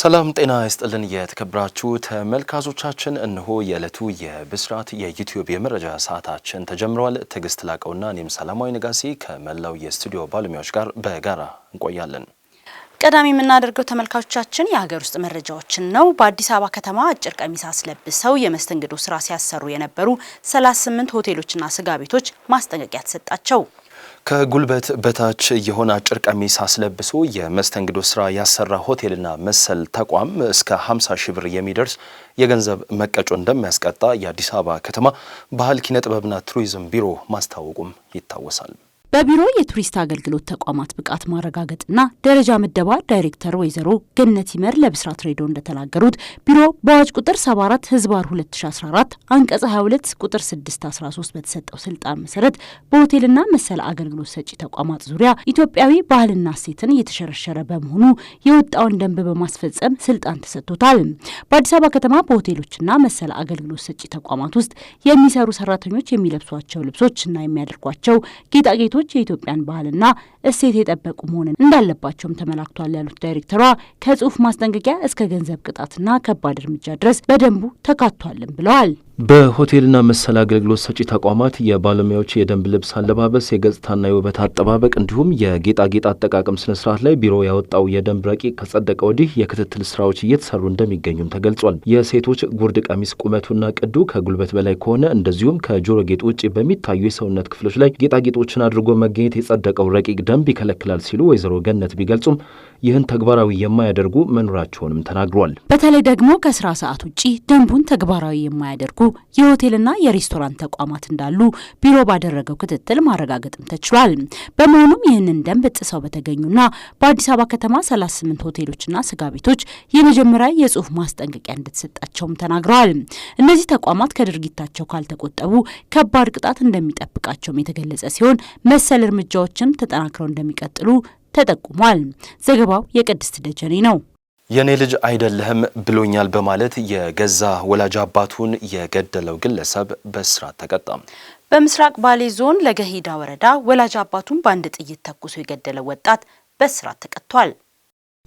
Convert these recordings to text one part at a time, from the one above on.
ሰላም ጤና ይስጥልን የተከብራችሁ ተመልካቾቻችን፣ እነሆ የዕለቱ የብስራት የዩትዩብ የመረጃ ሰዓታችን ተጀምረዋል። ትዕግስት ላቀውና እኔም ሰላማዊ ነጋሴ ከመላው የስቱዲዮ ባለሙያዎች ጋር በጋራ እንቆያለን። ቀዳሚ የምናደርገው ተመልካቾቻችን የሀገር ውስጥ መረጃዎችን ነው። በአዲስ አበባ ከተማ አጭር ቀሚስ አስለብሰው የመስተንግዶ ስራ ሲያሰሩ የነበሩ 38 ሆቴሎችና ስጋ ቤቶች ማስጠንቀቂያ ተሰጣቸው። ከጉልበት በታች የሆነ አጭር ቀሚስ አስለብሶ የመስተንግዶ ስራ ያሰራ ሆቴልና መሰል ተቋም እስከ 50 ሺህ ብር የሚደርስ የገንዘብ መቀጮ እንደሚያስቀጣ የአዲስ አበባ ከተማ ባህል ኪነ ጥበብና ቱሪዝም ቢሮ ማስታወቁም ይታወሳል። በቢሮ የቱሪስት አገልግሎት ተቋማት ብቃት ማረጋገጥና ደረጃ ምደባ ዳይሬክተር ወይዘሮ ገነት ይመር ለብስራት ሬዲዮ እንደተናገሩት ቢሮ በአዋጅ ቁጥር 74 ህዝባር 2014 አንቀጽ 22 ቁጥር 613 በተሰጠው ስልጣን መሰረት በሆቴልና መሰል አገልግሎት ሰጪ ተቋማት ዙሪያ ኢትዮጵያዊ ባህልና እሴትን እየተሸረሸረ በመሆኑ የወጣውን ደንብ በማስፈጸም ስልጣን ተሰጥቶታል። በአዲስ አበባ ከተማ በሆቴሎችና መሰል አገልግሎት ሰጪ ተቋማት ውስጥ የሚሰሩ ሰራተኞች የሚለብሷቸው ልብሶች እና የሚያደርጓቸው ጌጣጌጦች ዝግጅቶች የኢትዮጵያን ባህልና እሴት የጠበቁ መሆንን እንዳለባቸውም ተመላክቷል ያሉት ዳይሬክተሯ ከጽሁፍ ማስጠንቀቂያ እስከ ገንዘብ ቅጣትና ከባድ እርምጃ ድረስ በደንቡ ተካቷልም ብለዋል። በሆቴልና መሰል አገልግሎት ሰጪ ተቋማት የባለሙያዎች የደንብ ልብስ አለባበስ፣ የገጽታና የውበት አጠባበቅ እንዲሁም የጌጣጌጥ አጠቃቀም ስነ ስርዓት ላይ ቢሮ ያወጣው የደንብ ረቂቅ ከጸደቀ ወዲህ የክትትል ስራዎች እየተሰሩ እንደሚገኙም ተገልጿል። የሴቶች ጉርድ ቀሚስ ቁመቱና ቅዱ ከጉልበት በላይ ከሆነ እንደዚሁም ከጆሮ ጌጥ ውጭ በሚታዩ የሰውነት ክፍሎች ላይ ጌጣጌጦችን አድርጎ መገኘት የጸደቀው ረቂቅ ደንብ ይከለክላል ሲሉ ወይዘሮ ገነት ቢገልጹም ይህን ተግባራዊ የማያደርጉ መኖራቸውንም ተናግሯል። በተለይ ደግሞ ከስራ ሰዓት ውጭ ደንቡን ተግባራዊ የማያደርጉ የሆቴልና የሬስቶራንት ተቋማት እንዳሉ ቢሮ ባደረገው ክትትል ማረጋገጥም ተችሏል። በመሆኑም ይህንን ደንብ ጥሰው በተገኙና በአዲስ አበባ ከተማ 38 ሆቴሎችና ስጋ ቤቶች የመጀመሪያ የጽሁፍ ማስጠንቀቂያ እንደተሰጣቸውም ተናግረዋል። እነዚህ ተቋማት ከድርጊታቸው ካልተቆጠቡ ከባድ ቅጣት እንደሚጠብቃቸውም የተገለጸ ሲሆን መሰል እርምጃዎችም ተጠናክረው እንደሚቀጥሉ ተጠቁሟል። ዘገባው የቅድስት ደጀኔ ነው። የእኔ ልጅ አይደለህም ብሎኛል በማለት የገዛ ወላጅ አባቱን የገደለው ግለሰብ በእስራት ተቀጣ። በምስራቅ ባሌ ዞን ለገሂዳ ወረዳ ወላጅ አባቱን በአንድ ጥይት ተኩሶ የገደለው ወጣት በእስራት ተቀጥቷል።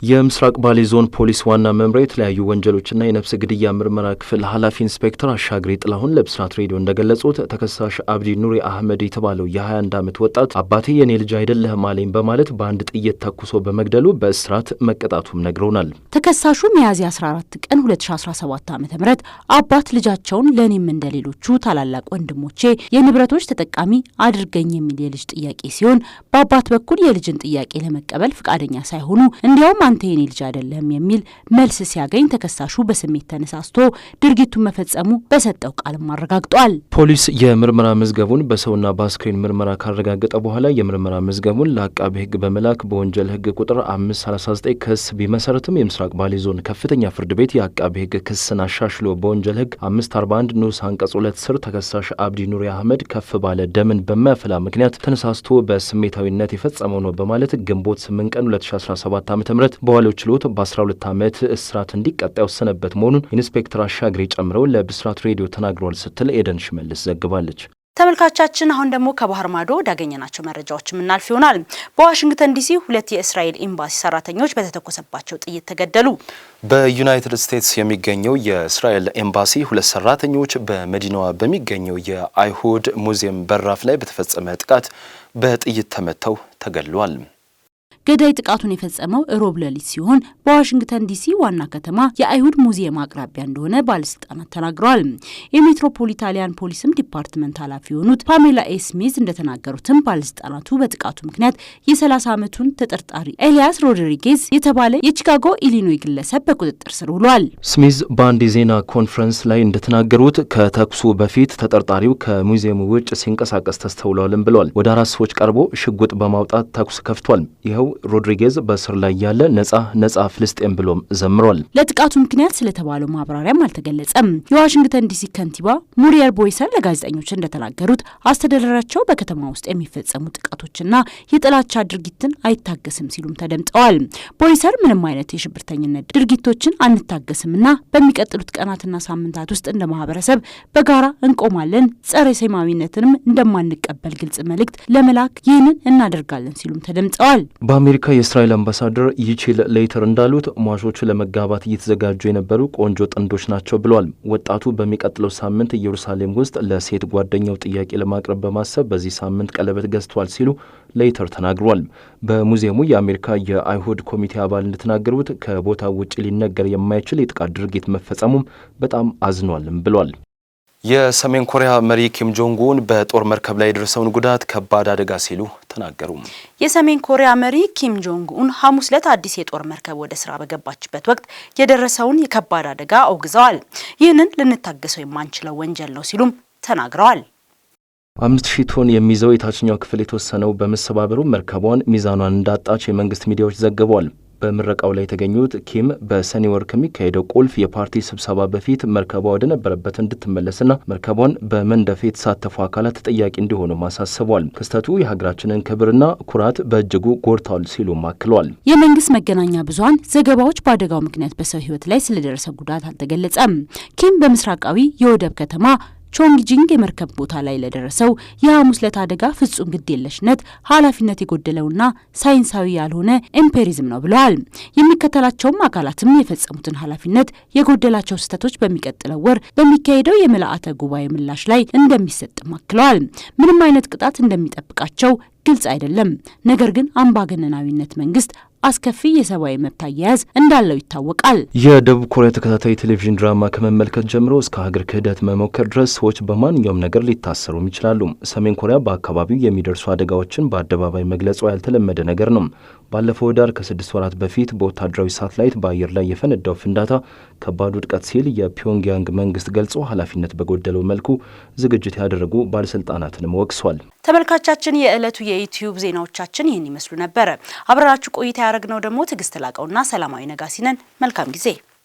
የምስራቅ ባሌ ዞን ፖሊስ ዋና መምሪያ የተለያዩ ወንጀሎችና የነፍስ ግድያ ምርመራ ክፍል ኃላፊ ኢንስፔክተር አሻግሬ ጥላሁን ለብስራት ሬዲዮ እንደገለጹት ተከሳሽ አብዲ ኑሪ አህመድ የተባለው የ21 ዓመት ወጣት አባቴ የኔ ልጅ አይደለህም አለኝ በማለት በአንድ ጥይት ተኩሶ በመግደሉ በእስራት መቀጣቱም ነግረውናል። ተከሳሹ ሚያዝያ 14 ቀን 2017 ዓ ም አባት ልጃቸውን ለእኔም እንደ ሌሎቹ ታላላቅ ወንድሞቼ የንብረቶች ተጠቃሚ አድርገኝ የሚል የልጅ ጥያቄ ሲሆን በአባት በኩል የልጅን ጥያቄ ለመቀበል ፈቃደኛ ሳይሆኑ እንዲያውም አንተ የኔ ልጅ አይደለህም የሚል መልስ ሲያገኝ ተከሳሹ በስሜት ተነሳስቶ ድርጊቱን መፈጸሙ በሰጠው ቃልም አረጋግጧል። ፖሊስ የምርመራ መዝገቡን በሰውና በአስክሬን ምርመራ ካረጋገጠ በኋላ የምርመራ መዝገቡን ለአቃቤ ሕግ በመላክ በወንጀል ሕግ ቁጥር 539 ክስ ቢመሰረትም የምስራቅ ባሌ ዞን ከፍተኛ ፍርድ ቤት የአቃቤ ሕግ ክስን አሻሽሎ በወንጀል ሕግ 541 ንዑስ አንቀጽ ሁለት ስር ተከሳሽ አብዲ ኑሪ አህመድ ከፍ ባለ ደምን በማያፈላ ምክንያት ተነሳስቶ በስሜታዊነት የፈጸመው ነው በማለት ግንቦት 8 ቀን 2017 ዓ ም በመሰረት በዋለው ችሎት በ12 ዓመት እስራት እንዲቀጣ የወሰነበት መሆኑን ኢንስፔክተር አሻግሬ ጨምረው ለብስራት ሬዲዮ ተናግረዋል ስትል ኤደን ሽመልስ ዘግባለች። ተመልካቻችን አሁን ደግሞ ከባህር ማዶ ወዳገኘናቸው መረጃዎች የምናልፍ ይሆናል። በዋሽንግተን ዲሲ ሁለት የእስራኤል ኤምባሲ ሰራተኞች በተተኮሰባቸው ጥይት ተገደሉ። በዩናይትድ ስቴትስ የሚገኘው የእስራኤል ኤምባሲ ሁለት ሰራተኞች በመዲናዋ በሚገኘው የአይሁድ ሙዚየም በራፍ ላይ በተፈጸመ ጥቃት በጥይት ተመተው ተገድለዋል። ገዳይ ጥቃቱን የፈጸመው ሮብ ሌሊት ሲሆን በዋሽንግተን ዲሲ ዋና ከተማ የአይሁድ ሙዚየም አቅራቢያ እንደሆነ ባለስልጣናት ተናግረዋል። የሜትሮፖሊታሊያን ፖሊስም ዲፓርትመንት ኃላፊ የሆኑት ፓሜላ ኤ ስሚዝ እንደተናገሩትም ባለስልጣናቱ በጥቃቱ ምክንያት የ30 ዓመቱን ተጠርጣሪ ኤልያስ ሮድሪጌዝ የተባለ የቺካጎ ኢሊኖይ ግለሰብ በቁጥጥር ስር ውሏል። ስሚዝ በአንድ የዜና ኮንፈረንስ ላይ እንደተናገሩት ከተኩሱ በፊት ተጠርጣሪው ከሙዚየሙ ውጭ ሲንቀሳቀስ ተስተውሏልም ብለዋል። ወደ አራት ሰዎች ቀርቦ ሽጉጥ በማውጣት ተኩስ ከፍቷል። ይኸው ሮድሪጌዝ በእስር ላይ ያለ ነጻ ነጻ ፍልስጤም ብሎም ዘምሯል። ለጥቃቱ ምክንያት ስለተባለው ማብራሪያም አልተገለጸም። የዋሽንግተን ዲሲ ከንቲባ ሙሪየር ቦይሰን ለጋዜጠኞች እንደተናገሩት አስተዳደራቸው በከተማ ውስጥ የሚፈጸሙ ጥቃቶችና የጥላቻ ድርጊትን አይታገስም ሲሉም ተደምጠዋል። ቦይሰር ምንም አይነት የሽብርተኝነት ድርጊቶችን አንታገስምና በሚቀጥሉት ቀናትና ሳምንታት ውስጥ እንደ ማህበረሰብ በጋራ እንቆማለን፣ ጸረ ሴማዊነትንም እንደማንቀበል ግልጽ መልእክት ለመላክ ይህንን እናደርጋለን ሲሉም ተደምጠዋል። የአሜሪካ የእስራኤል አምባሳደር ይቺል ሌይተር እንዳሉት ሟቾቹ ለመጋባት እየተዘጋጁ የነበሩ ቆንጆ ጥንዶች ናቸው ብለዋል። ወጣቱ በሚቀጥለው ሳምንት ኢየሩሳሌም ውስጥ ለሴት ጓደኛው ጥያቄ ለማቅረብ በማሰብ በዚህ ሳምንት ቀለበት ገዝቷል ሲሉ ሌይተር ተናግሯል። በሙዚየሙ የአሜሪካ የአይሁድ ኮሚቴ አባል እንደተናገሩት ከቦታው ውጭ ሊነገር የማይችል የጥቃት ድርጊት መፈጸሙም በጣም አዝኗልም ብሏል። የሰሜን ኮሪያ መሪ ኪም ጆንግ ኡን በጦር መርከብ ላይ የደረሰውን ጉዳት ከባድ አደጋ ሲሉ ተናገሩ። የሰሜን ኮሪያ መሪ ኪም ጆንግ ኡን ሐሙስ ዕለት አዲስ የጦር መርከብ ወደ ስራ በገባችበት ወቅት የደረሰውን የከባድ አደጋ አውግዘዋል። ይህንን ልንታገሰው የማንችለው ወንጀል ነው ሲሉም ተናግረዋል። አምስት ሺህ ቶን የሚይዘው የታችኛው ክፍል የተወሰነው በመሰባበሩ መርከቧን ሚዛኗን እንዳጣች የመንግስት ሚዲያዎች ዘግበዋል። በምረቃው ላይ የተገኙት ኪም በሰኔ ወር ከሚካሄደው ቁልፍ የፓርቲ ስብሰባ በፊት መርከቧ ወደነበረበት እንድትመለስና መርከቧን በመንደፍ የተሳተፉ አካላት ተጠያቂ እንዲሆኑ አሳስቧል። ክስተቱ የሀገራችንን ክብርና ኩራት በእጅጉ ጎድቷል ሲሉም አክሏል። የመንግስት መገናኛ ብዙሀን ዘገባዎች በአደጋው ምክንያት በሰው ህይወት ላይ ስለደረሰ ጉዳት አልተገለጸም። ኪም በምስራቃዊ የወደብ ከተማ ቾንግጂንግ የመርከብ ቦታ ላይ ለደረሰው የሐሙስ ዕለት አደጋ ፍጹም ግድ የለሽነት ኃላፊነት የጎደለውና ሳይንሳዊ ያልሆነ ኤምፔሪዝም ነው ብለዋል። የሚከተላቸውም አካላትም የፈጸሙትን ኃላፊነት የጎደላቸው ስህተቶች በሚቀጥለው ወር በሚካሄደው የምልአተ ጉባኤ ምላሽ ላይ እንደሚሰጥም አክለዋል። ምንም አይነት ቅጣት እንደሚጠብቃቸው ግልጽ አይደለም። ነገር ግን አምባገነናዊነት መንግስት አስከፊ የሰብአዊ መብት አያያዝ እንዳለው ይታወቃል። የደቡብ ኮሪያ ተከታታይ ቴሌቪዥን ድራማ ከመመልከት ጀምሮ እስከ ሀገር ክህደት መሞከር ድረስ ሰዎች በማንኛውም ነገር ሊታሰሩም ይችላሉ። ሰሜን ኮሪያ በአካባቢው የሚደርሱ አደጋዎችን በአደባባይ መግለጿ ያልተለመደ ነገር ነው። ባለፈው ዳር ከስድስት ወራት በፊት በወታደራዊ ሳትላይት በአየር ላይ የፈነዳው ፍንዳታ ከባድ ውድቀት ሲል የፒዮንግያንግ መንግስት ገልጾ ኃላፊነት በጎደለው መልኩ ዝግጅት ያደረጉ ባለስልጣናትንም ወቅሷል። ተመልካቻችን የዕለቱ የዩትዩብ ዜናዎቻችን ይህን ይመስሉ ነበረ። አብራችሁ ቆይታ ያደረግነው ደግሞ ትዕግስት ላቀውና ሰላማዊ ነጋሲነን። መልካም ጊዜ